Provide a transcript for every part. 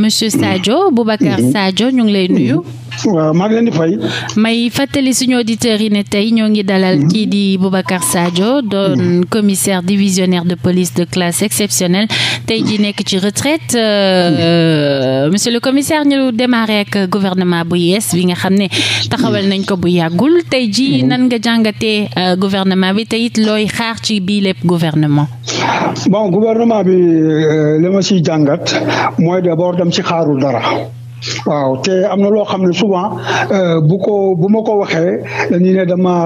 monsieur Sadio Boubacar mm-hmm. Sadio ñu ngi lay nuyu waaw maa ngi leen di fay. may fàttali suñu auditeurs yi ne tey ñoo ngi dalal mhm. kii di Boubacar Sadio doon mhm. commissaire divisionnaire de police de classe exceptionnelle tey ji nekk ci retraite euh, monsieur le commissaire ñu démarré ak gouvernement bu yees bi nga xam ne taxawal nañ ko bu yàggul tey ji mhm. nan nga jàngatee euh, gouvernement bi tey it looy xaar ci bii lépp gouvernement. bon gouvernement bi euh, li ma jàngat mooy d'abord dem ci xaarul dara. waaw te am na loo xam ne souvent euh, bu ko bu ma ko waxee dañuy ne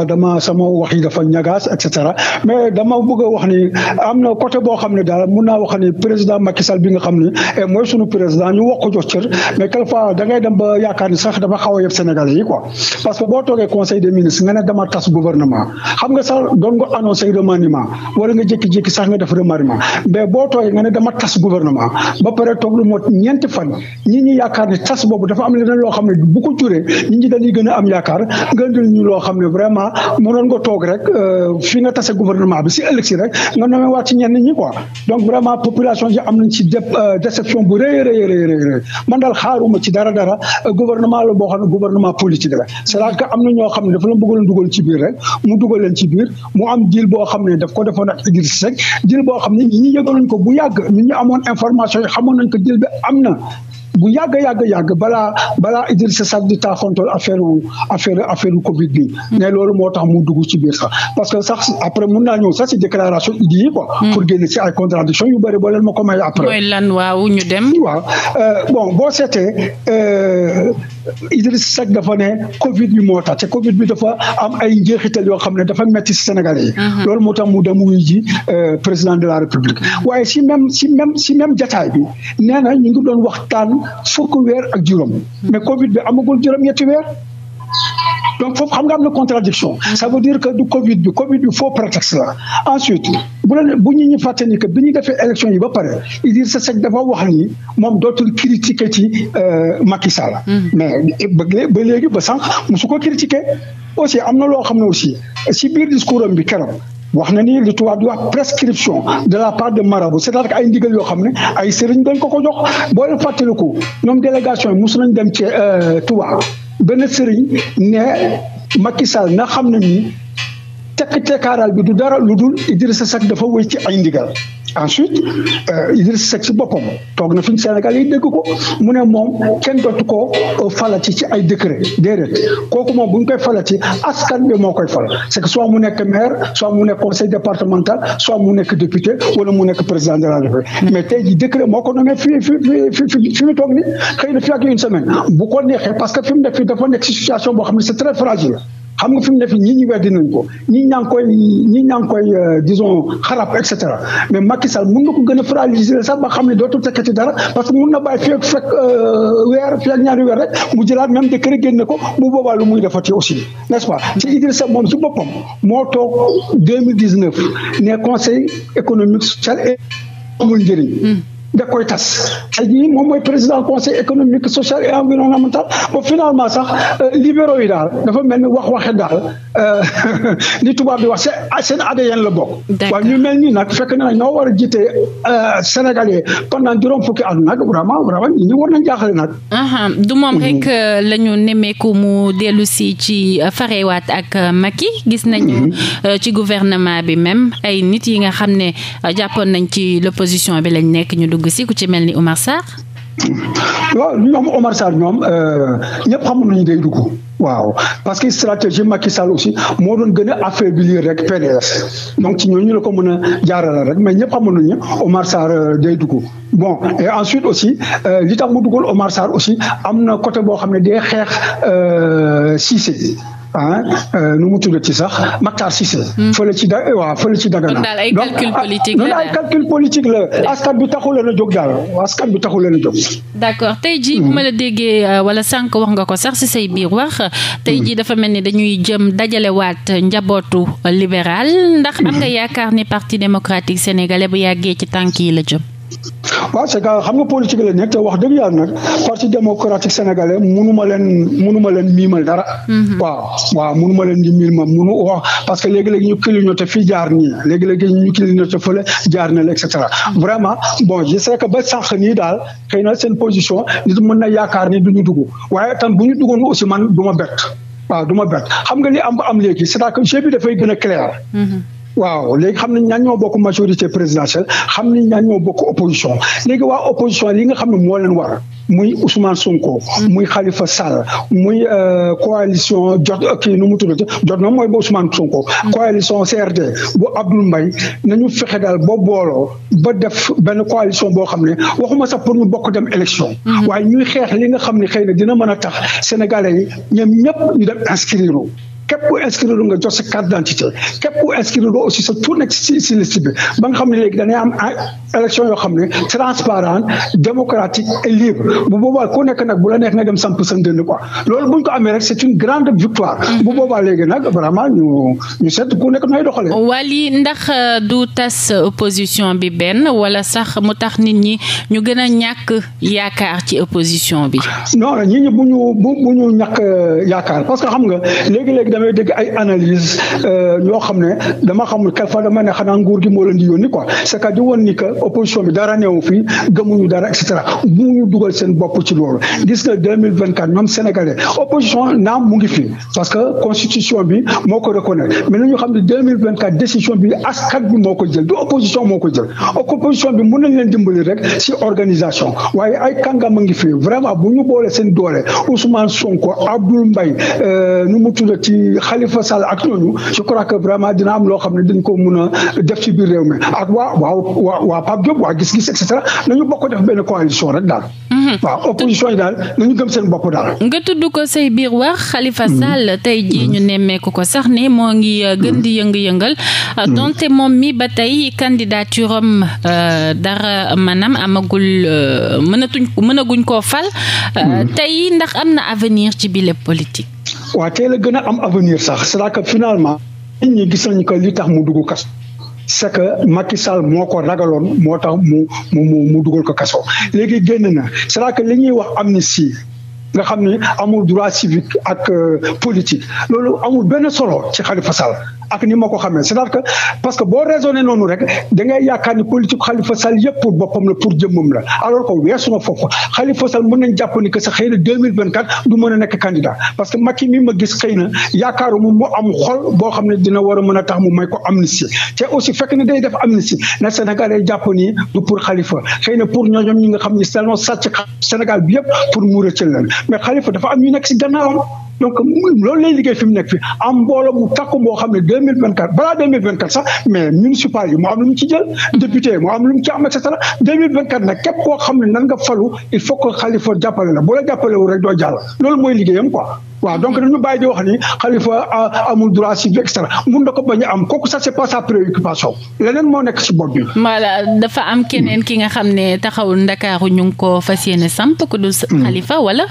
dama sama wax yi dafa ñagaas et cetera mais dama bëgg a wax ni am na côté boo xam ne daal mun naa wax ni président Macky Sall bi nga xam ne eh, mooy sunu président ñu wax ko jox cër mais quelquefois da ngay dem ba yaakaar sax dafa xaw a yëpp Sénégal yi quoi parce que boo toogee conseil des ministres nga ne dama tas gouvernement xam nga sax doon nga wala nga jékki-jékki sax nga def remaniement mais boo toogee nga ne dama tas gouvernement ba pare toog lu moot ñeent fan ñi ñi yaakaar ni sas boobu dafa am leneen loo xam ne bu ko juree ñi ñi dañuy gën am yaakaar gën dal ñu loo xam ne vraiment mënoon nga toog rek euh, fi nga tase gouvernement bi si ëllëg si rek nga nommé waat si ñenn ñi quoi donc vraiment population am nañ si euh, déception bu rëy rëy man daal xaaruma ci dara dara euh, gouvernement la boo xam ne gouvernement politique la c'est-à-dire am na ñoo xam ne dafa la bëggoon dugal ci biir rek mu dugal leen ci biir mu am deal boo xam ne daf ko defoon a Idrissa Seck deal boo xam ne ñi yëgoon nañ ko bu yàgg ñun ñu amoon information yi xamoon nañ ko deal bi am na bu yàgg yàgg yàgg balaa balaa sa Seck di taaxantool affaire affaire affaire Covid bi. ne loolu moo tax mu dugg ci biir sax parce que sax après mun naa ñëw sax si déclaration idi yi mm. pour génne si ay contradiction yu bëri boo leen ma ko may après. mooy lan waaw ñu dem. waaw euh, bon boo seetee euh, Idriss Seck dafa ne Covid bi moo tax te Covid bi dafa am ay njeexital yoo xam ne dafa metti si Sénégalais yi. loolu moo tax mu dem wuyu ji euh, président de la République. waaye si même si même si même jataay bi nee na ñu ngi doon waxtaan fukk weer ak juróom. mais Covid bi amagul juróom-ñetti weer. donc foofu xam nga am na contradiction mm. ça veut dire que du Covid bi Covid bi faux prétexte la ensuite bu leen bu ñu ñu fàtte ni que bi ñu defee élection yi ba pare Idrissa Seck dafa wax ni moom dootul critiquer ci euh, Macky Sall. Mm. mais ba ba léegi ba sànq musu ko critiquer aussi am na loo xam ne aussi si biir discours am bi keroog. wax na ni li tubaab di wax prescription de la part de marabout c'est-à-dire ay ndigal yoo xam ne ay sëriñ dañ ko ko jox boo leen ko ñoom délégation yi mosu dem ci euh, Touba benn sëriñ ne Macky Sall na xam ne nii tekk tekkaaral bi du dara lu dul Idrissa Seck dafa wëy ci ay ndigal ensuite euh, Idriss Seck si boppam toog na fi ñu Sénégal yi dégg ko mu ne moom kenn dootu ko euh, falati ci ay décret déedéet kooku moom bu ñu koy falati askan bi moo koy fal c'est que soit mu nekk maire soit mu nekk conseil départemental soit mu nekk député wala mu nekk président de la République hmm. mais tey jii décret moo ko nommé fi fi fi fi mu toog ni fi ak une semaine bu ko neexee parce que fi mu nekk fi dafa nekk si situation boo xam ne c'est très fragile xam nga fi mu ne fii ñii ñu weddi nañ ko ñii ñaa ngi koy ñii ñaa ngi koy euh, xarab et cetera mais Macky Sall mun na ko gën a fragiliser sax ba xam ne dootul tekkati dara parce que mun na bàyyi fii fekk euh, weer fii ak ñaari weer rek mu jëlaat même de kër génne ko bu boobaa lu muy defati aussi n'est-ce pas ci Idrissa moom ci boppam moo toog 2019 ne conseil économique social et amul njëriñ hmm. da koy tas tey jii moom mooy président conseil économique social et environnemental ba finalement sax euh, libéraux yi daal dafa mel ni wax waxe daal euh, li tubaab bi wax seen seen ADN la bokk. waaw ñu mel nii nag fekk na ñoo war a jiite euh, sénégalais pendant juróom fukki at nag vraiment vraiment ñu war nañ jaaxale nag. du moom mhm. rek la ñu nemmeeku mu dellu si ci farewaat ak Macky gis nañu mhm. ci gouvernement bi même ay nit yi nga xam ne jàppoon nañ ci l'opposition bi lañ nekk ñu. dugg ku ci mel ni Omar Sarr. waaw ñoom Omar ñoom ñoom euh, ñëpp xamul nañu day duggu waaw parce que stratégie Macky Sall aussi moo doon gën a affaiblir rek PDS donc ci ñooñu la ko mën a jaarale rek mais ñëpp xamoon nañu Omar Sarr euh, day dugg bon et ensuite aussi euh, li tax mu duggal Omar Sarr aussi am na côté boo xam ne day xeex Cissé. ah nu mu tuddati sax Makhtar Cissé. Hmm. fële ci da waaw fële ci Dagana. donc daal ay ah, calcul politique la ay calcul askan bi taxul leen a jóg daal askan bi taxul leen a jóg. d'accord tey jii bu hmm. ma la déggee euh, wala sànq wax nga ko sax ci say biir wax. tey hmm. jii dafa mel ni dañuy jëm dajalewaat njabootu libéral ndax am nga yaakaar ni parti démocratique sénégalais bu yàggee ci tànk yi la jëm. waaw c'est que xam nga politique la nekk te wax dëgg yàlla nag parti démocratique sénégalais munuma leen munuma leen miimal dara. Mhm. waaw waaw ma leen di miimal munu wax parce que léegi-léegi ñu clignoté fii jaar nii léegi-léegi ñu clignoté fële jaar na la et mhm. vraiment bon je sais ba sànq nii daal xëy na seen position nit mën na yaakaar ni du ñu dugg waaye tam bu ñu duggoon aussi man du ma bett waaw du ma bett xam nga li am am léegi c'est-à-dire que jeu bi dafay gën a clair. Mhm. waaw léegi xam nañ ñaan ñoo bokk majorité présidentielle xam nañ ñaan ñoo bokk opposition léegi waa opposition li nga xam ne moo leen war muy Ousmane Sonko. Hmm. muy Khalifa Sall muy euh, coalition jot euh, kii nu mu tuddati jot na mooy ba Ousmane Sonko. Hmm. coalition CRD bu mbay na ñu fexe daal ba booloo ba def benn coalition boo xam ne waxuma sax pour ñu bokk dem élection. Hmm. waaye ñuy xeex li nga xam ne xëy na dina mën a tax sénégalais yi ñoom ñëpp ñu dem inscrire. képp ku inscrire nga jox sa carte képp ku aussi sa tur nekk si si liste bi ba nga xam ne léegi dañuy am élection yoo xam ne transparent démocratique et libre bu boobaa ku nekk nag bu la neex nga dem samp san dënd ko loolu buñ ko amee rek c'est une grande victoire mm-hmm. bu boobaa léegi nag vraiment ñu ñu seet ku nekk nooy doxalee. Waly ndax euh, du tas opposition bi benn wala sax mu tax nit ñi ñu gën a ñàkk yaakaar ci opposition bi. non ñi ñi bu ñu euh, yaakaar parce que xam nga damay dégg ay analyse euh, ñoo xam ne dama xamul quelque fois dama ne xanaa nguur gi moo leen di yónni quoi c'est que di bi dara neewu fi gëmuñu dara et cetera mu ñu dugal seen bopp ci loolu gis nga 2024 ñoom sénégalais opposition naam mu ngi fi parce que constitution bi moo ko reconnaître mais nañu xam ne 2024 décision bi askan bi moo ko jël du opposition moo ko jël opposition bi mën nañ leen rek ci organisation waaye ay kàngam a ngi fi vraiment bu ñu boole seen doole Ousmane Sonko Abdoul Mbaye euh, nu mu Khalifa Sall ak ñooñu je crois que vraiment dina am loo xam ne dañ ko mun a def ci biir réew mi ak waa waa waa Pape Diop waa gis-gis et nañu bokk def benn coalition rek daal. Mhm. waaw opposition yi daal nañu gëm seen bopp daal. nga tudd ko say biir wax. xalifa mhm. Sall tey jii ñu nemmeeku ko sax ne moo ngi euh, mhm. gën di yëng yëngal euh, donte moom mi ba tey candidature am euh, dara maanaam amagul mënatuñ mënaguñ koo fal. tey ndax am na avenir ci bile politique. waa tey la gën a am avenir sax c'est que finalement nit ñi gis nañu que li tax mu dugg kaso c'est que Macky moo ko ragaloon moo tax mu mu mu mu dugal ko kaso léegi génn na c'est que li ñuy wax amnistie nga xam ne amul droit civique ak euh, politique loolu amul benn solo ci Khalifa Sall ak ni ma ko xamee cest à que parce que boo raisonné noonu rek da ngay yaakaar ni politique Khalifa Sall yëpp pour boppam la pour jëmmam la alors que weesu na foofu Khalifa Sall mën ni que sa xëy na deux mille vingt quatre du a nekk candidat parce na yaakaaru mu mu am xol boo xam ne dina war a a tax mu may ko amnistie te aussi fekk ne day def amnistie na Sénégal day jàpp ni du pour Khalifa xëy na pour ñooñu ñi nga xam ne selon sàcc Sénégal bi yëpp pour mu rëccal leen mais Khalifa dafa am ñu nekk si gannaawam donc loolu lay liggéey fi mu nekk fi am mbooloo mu takku boo xam ne deux mille vingt quatre balaa deux mille vingt quatre sax mais municipal yi mu am lu mu ci jël député mu am lu mu ci am et cetera deux mille vingt quatre nag képp koo xam ne nan nga falu il faut que Khalifa jàppale la boo la jàppale wu rek doo jàll loolu mooy liggéeyam quoi. waaw donc dañu bàyyi di wax ni Khalifa amul droit civique et cetera mun na ko bañ a am kooku ça c'est pas sa préoccupation leneen moo nekk ci bopp bi. voilà dafa am keneen ki nga xam ne taxawul Ndakaaru ñu ngi ko fas yéene samp ku dul hmm. Khalifa wala.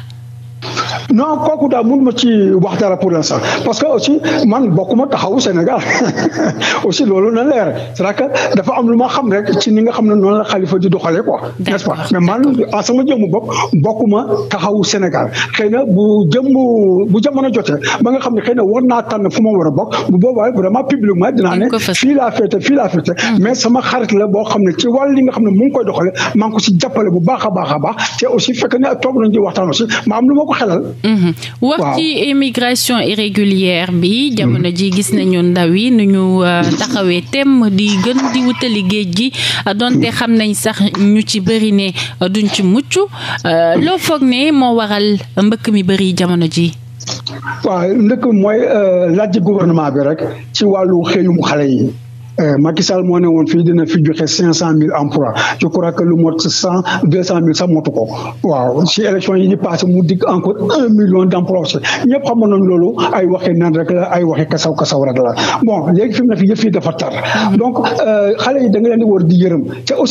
non kooku daal mun ma ci wax dara pour l'instant parce que aussi man bokkuma taxawu Sénégal aussi loolu na leer cest dafa am lu ma xam rek ci ni nga xam ne noonu la xalifa di doxalee quoi n'est-ce pas mais man sama jëmmu bopp bokkuma taxawu Sénégal xëy na bu jëmm bu jamono jotee ba nga xam ne xëy na war naa tànn fu ma war a bokk bu boobaa vraiment publiquement dinaa ma fii laa féete fii laa féete hmm. mais sama xarit la boo xam ne ci wal li nga xam ne mu ngi koy doxalee maa ngi ko si jàppale bu baax a baax a baax te aussi fekk ne toog nañ di xelal. Mhm. wax ci immigration irrégulière bi. jamono ji gis nañu ndaw yi nu ñu euh, taxawee tem di gën di wutali géej gi donte xam nañ sax ñu ci bëri ne euh, duñ ci mucc euh, loo foog ne moo waral mbëkk mi bëri jamono ji. waaw ndëkk mooy laaj gouvernement bi rek ci wàllu xëyum xale yi. Euh, Macky Sall moo ne woon fii dina fi joxe cinq cent mille emplois je crois que lu mot cent deux cent mille sax motu ko waaw si élection yi di passé mu dig encore un million d' emplois ñëpp xamoon nañ loolu ay waxee naan rek fi mu ne fi yëf yi dafa tar hmm. donc euh, xale yi da nga leen di war di koo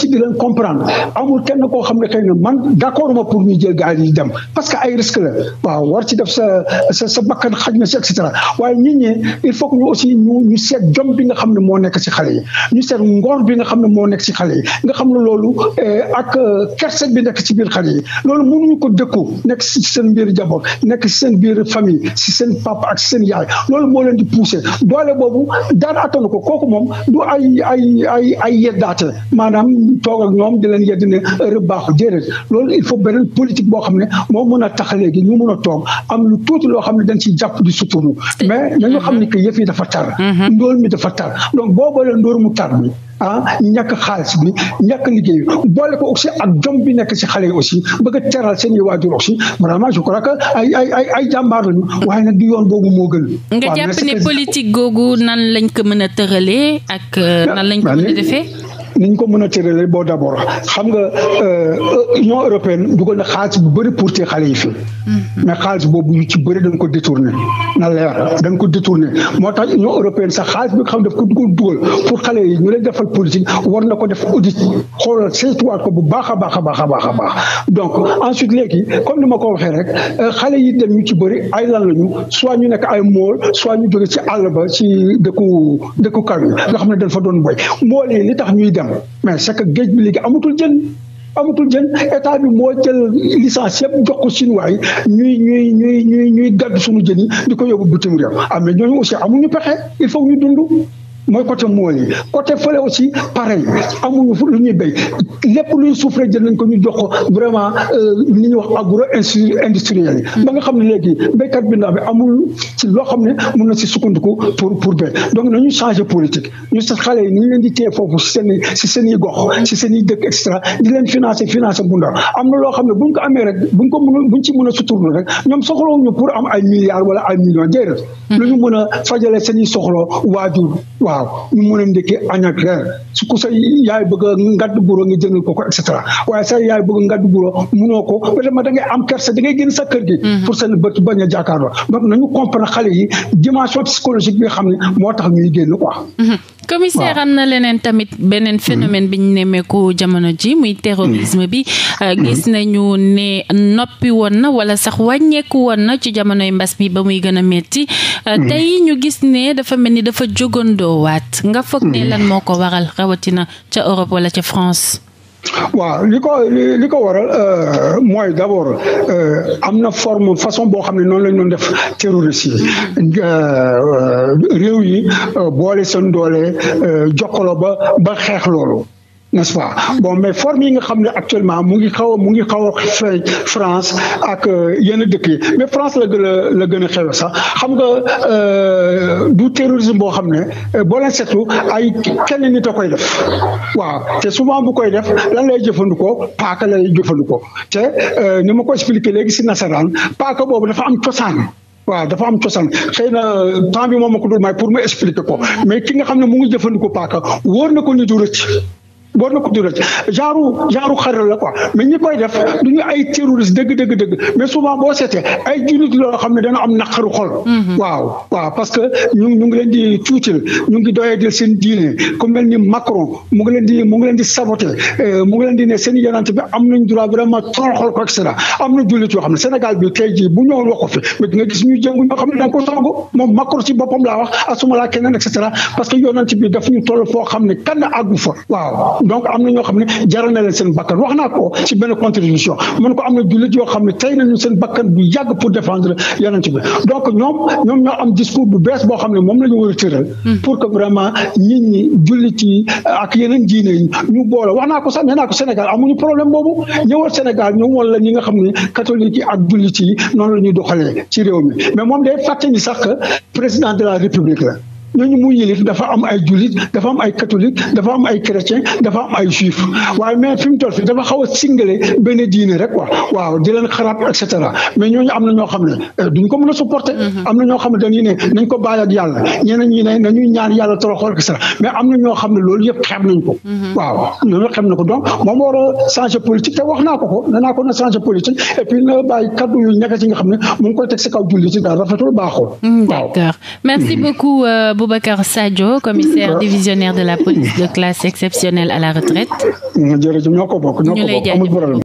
xam ne xëy man d' accord ma pour ñu parce que ay risque la waaw war ci def sa sa sa bakkan xaj na si et waaye nit ñi il faut que ñu aussi ñu seet jom bi nga xam ne moo nekk si xale yi ñu seet ngor bi nga xam ne moo nekk ci xale yi nga xam ne loolu eh, ak euh, kerset bi nekk ci biir xale yi loolu mënuñu ko dëkku nekk si seen biir jaboot nekk si seen biir famille ci seen papa ak seen yaay loolu moo leen di pousser doole boobu dara attanu ko kooku moom du ay ay ay ay yeddaate maanaam toog ak ñoom di leen yedd ne heure baaxul déedéet loolu il faut beneen politique boo xam ne moo mën a tax léegi ñu mën a toog am lu tuuti loo xam ne dañ ciy jàpp di suturu mais nañu xam ne que yi dafa tar mm-hmm. ndool mi dafa tar boole ndóor mu tar bi ah xaalis bi ñàkk liggéey boole ko aussi ak jom bi nekk si xale yi aussi bëgg a teral seen i waajur aussi vraiment je crois que ay ay ay ay waaye nag di yoon boobu moo gën. nga jàpp ne politique googu nan lañ ko mën a tëralee ak euh, nan lañ ko mën a defee. ni ñu ko mën a tëralee boo d' abord xam nga euh, union européenne dugal na xaalis bu bëri pour te xale yi fi mm-hmm. mais xaalis boobu yu ci bëri dañ ko détourné na leer dañ ko détourné moo tax union européenne sax xaalis bi nga xam daf ko dugal pour xale yi ñu leen defal politique war na ko def audit xoolal seetuwaat ko bu baax a baax a baax a baax a baax donc ensuite léegi comme ni ma ko waxee rek euh, xale yi dem ñu ci bëri ay lan lañu soit ñu nekk ay mool soit ñu jóge ci àll ba ci dëkku dëkku kaw yi nga xam ne dañ dem mais c'est géej bi léegi amatul jën amatul jën état moo jël licence yëpp jox ko chinois yi ñuy ñuy ñuy ñuy ñuy gàddu suñu jën yi di ko yóbbu bitim réew am ah, na ñooñu aussi amuñu pexe il faut ñu dund mooy côté mool yi côté fële aussi pareil amuñu fu lu ñuy béy lépp lu ñu souffré jël nañ ko ñu jox ko vraiment euh, li ñuy wax agro industriel yi ba nga xam ne léegi béykat bi ndaw bi amul loo xam ne mun na si sukkandiku pour pour béy donc nañu changer politique ñu sa xale ni ñu leen di téye foofu si seen seen i gox si seen i dëkk et cetera leen financer financer bu ndaw am na loo xam ne buñ ko amee rek buñ ko mën buñ ci mën a suturlu rek ñoom soxlawuñu pour am ay milliards wala ay millions déedéet hmm. lu ñu mën a fajale seen i soxla waajur waaw ñu mën a ndékkee añ ak reer su ko sa yaay bëgg a ngadd buuroo nga jëndal ko ko et cetera sa yaay bëgg a ngadd buuroo munoo ko vraiment da am da ngay génn sa kër gi mm-hmm. pour seen bët bañ a jàkkaarloo donc nañu comprendre xale yi dimension psychologique bi nga xam ne moo tax ñuy génn quoi mm-hmm. commissaire am na leneen tamit beneen phénomène mm-hmm. bi ñu nemmeeku jamono ji muy mm-hmm. terrorisme bi euh, mm-hmm. gis nañu ne noppi woon na wala sax wàññeeku woon na ci jamonoy mbas bi ba muy gën a metti euh, tey ñu gis ne dafa mel ni dafa jógandoo waat nga foog ne lan moo ko waral rawatina ca Europe wala ca France waaw li ko li ko waral euh, mooy d' abord euh, am na forme façon boo xam ne noonu la ñu doon def terroriste yi euh, réew yi boole seen doole jokkaloo ba ba xeex n'est-ce bon mais forme yi nga xam ne actuellement mu ngi xaw a mu ngi xaw a France ak euh, yenn dëkk yi mais France la gën a la gën a xewe sax xam nga euh, du terrorisme boo xam ne euh, boo leen seetlu ay kenn nit a koy def waaw te souvent bu koy def lan lay jëfandikoo paaka lay jëfandikoo te ni ma ko expliqué léegi si nasaraan paaka boobu dafa am cosaan waaw dafa am cosaan xëy na temps moom ma ko dul may pour mu expliquer ko mais ki nga xam ne mu ngi jëfandikoo paaka wóor na ko ni du rëcc boo na ko tuddee genre genre xaral la quoi mais ñi koy def du ñu ay terroriste dëgg dëgg dëgg mais souvent boo seetee ay jullit loo xam ne dana am naqaru xol. Mhm. waaw waaw parce que ñu ñu ngi leen di tuutil ñu ngi seen diine ku mel mu ngi leen di mu ngi leen di saboté euh, mu ngi leen seen yonent bi am nañ droit vraiment toroxal ko et cetera am na jullit yoo xam ne Sénégal bi tey jii bu ñëwoon wax ko fi mais di nga gis ñuy jëngu ñoo xam ne da nga ko toogu moom Macron ci boppam laa wax asuma laa parce que yonent bi daf ñu toll foo xam ne kenn a fa waaw donc am na ñoo xam ne jaral na leen seen bakkan wax naa ko ci benn contribution mun ko am na jullit yoo xam ne tey nañu seen bakkan bu yàgg pour défendre yonent bi donc ñoom ñoom ñoo am discours bu bees boo xam ne moom la ñu war a hmm. pour que vraiment nit ñi jullit yi ak yeneen diine ñu boole wax naa ko sax nee naa ko Sénégal amuñu problème boobu ñëwal Sénégal ñëw woon la ñi nga xam ne catholique yi ak jullit yi noonu la ñuy doxalee ci réew mi mais moom day fàtte ni sax président de la république la ñooñu mu yilif dafa am ay julit dafa am ay catholique dafa am ay chrétien dafa am ay juif waaye mais fi mu fi dafa xaw a singale benn rek quoi waaw di leen mais ñooñu am na ñoo xam ne euh, duñ ko mën a supporter mm-hmm. am na ñoo xam ne dañuy ne nañ ko bàyyi ak yàlla ñeneen ñi ne nañuy ñaan yàlla toroxool et cetera mais am na ñoo xam ne loolu yëpp xeeb nañ ko mm-hmm. waaw loolu xeeb na ko donc moom war a changer politique te wax naa ko ko ne naa ko na changer politique et puis na bàyyi kaddu yu nekk ci nga xam ne mu koy teg si kaw jullit yi daal rafetul baaxul mm, waaw Boubacar Sadio commissaire euh, divisionnaire de la police de classe exceptionnelle à la retraite. jërëjëf ñoo ko